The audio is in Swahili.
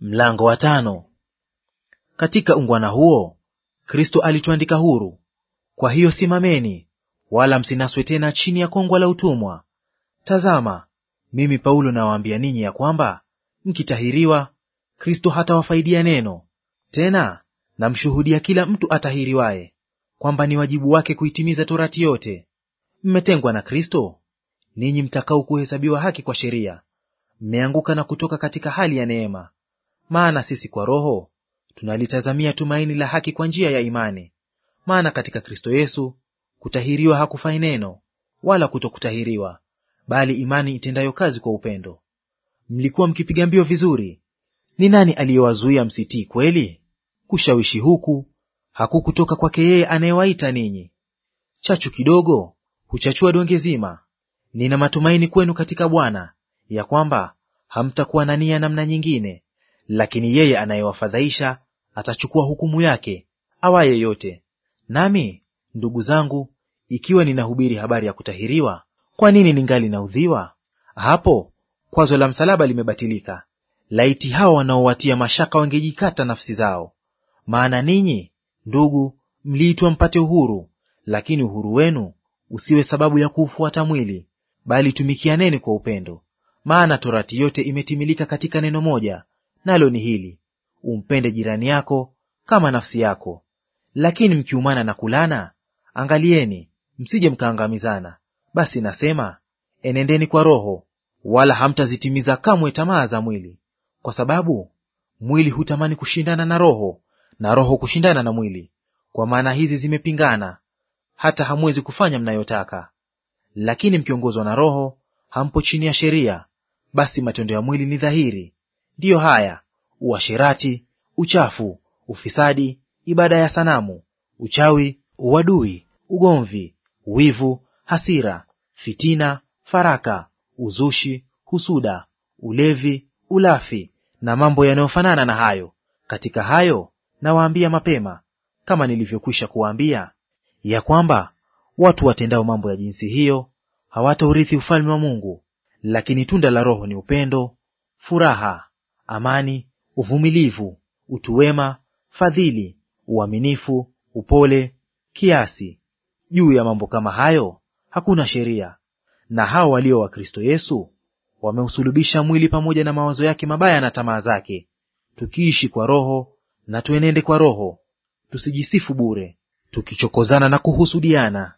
mlango wa tano. Katika ungwana huo Kristo alituandika huru. Kwa hiyo simameni, wala msinaswe tena chini ya kongwa la utumwa. Tazama, mimi Paulo nawaambia ninyi ya kwamba mkitahiriwa, Kristo hatawafaidia neno tena. Namshuhudia kila mtu atahiriwaye kwamba ni wajibu wake kuitimiza torati yote. Mmetengwa na Kristo, ninyi mtakao kuhesabiwa haki kwa sheria, mmeanguka na kutoka katika hali ya neema. Maana sisi kwa Roho tunalitazamia tumaini la haki kwa njia ya imani. Maana katika Kristo Yesu kutahiriwa hakufai neno wala kutokutahiriwa, bali imani itendayo kazi kwa upendo. Mlikuwa mkipiga mbio vizuri. Ni nani aliyewazuia msitii kweli? Kushawishi huku hakukutoka kwake yeye anayewaita ninyi. Chachu kidogo huchachua donge zima. Nina matumaini kwenu katika Bwana ya kwamba hamtakuwa na nia namna nyingine, lakini yeye anayewafadhaisha atachukua hukumu yake awa yeyote. Nami ndugu zangu, ikiwa ninahubiri habari ya kutahiriwa, kwa nini ningali naudhiwa? Hapo kwazo la msalaba limebatilika. Laiti hao wanaowatia mashaka wangejikata nafsi zao! Maana ninyi ndugu, mliitwa mpate uhuru, lakini uhuru wenu usiwe sababu ya kuufuata mwili, bali tumikianeni kwa upendo. Maana torati yote imetimilika katika neno moja, nalo ni hili, umpende jirani yako kama nafsi yako. Lakini mkiumana na kulana, angalieni msije mkaangamizana. Basi nasema enendeni kwa Roho, wala hamtazitimiza kamwe tamaa za mwili, kwa sababu mwili hutamani kushindana na Roho, na Roho kushindana na mwili, kwa maana hizi zimepingana, hata hamwezi kufanya mnayotaka. Lakini mkiongozwa na Roho hampo chini ya sheria. Basi matendo ya mwili ni dhahiri, ndiyo haya: uasherati, uchafu, ufisadi, ibada ya sanamu, uchawi, uadui, ugomvi, wivu, hasira, fitina, faraka, uzushi, husuda, ulevi, ulafi na mambo yanayofanana na hayo. Katika hayo nawaambia mapema, kama nilivyokwisha kuwaambia, ya kwamba watu watendao mambo ya jinsi hiyo hawataurithi ufalme wa Mungu. Lakini tunda la Roho ni upendo, furaha, amani, uvumilivu, utu wema, fadhili, uaminifu, upole, kiasi. Juu ya mambo kama hayo hakuna sheria. Na hao walio wa Kristo Yesu wameusulubisha mwili pamoja na mawazo yake mabaya na tamaa zake. Tukiishi kwa Roho na tuenende kwa Roho, tusijisifu bure tukichokozana na kuhusudiana.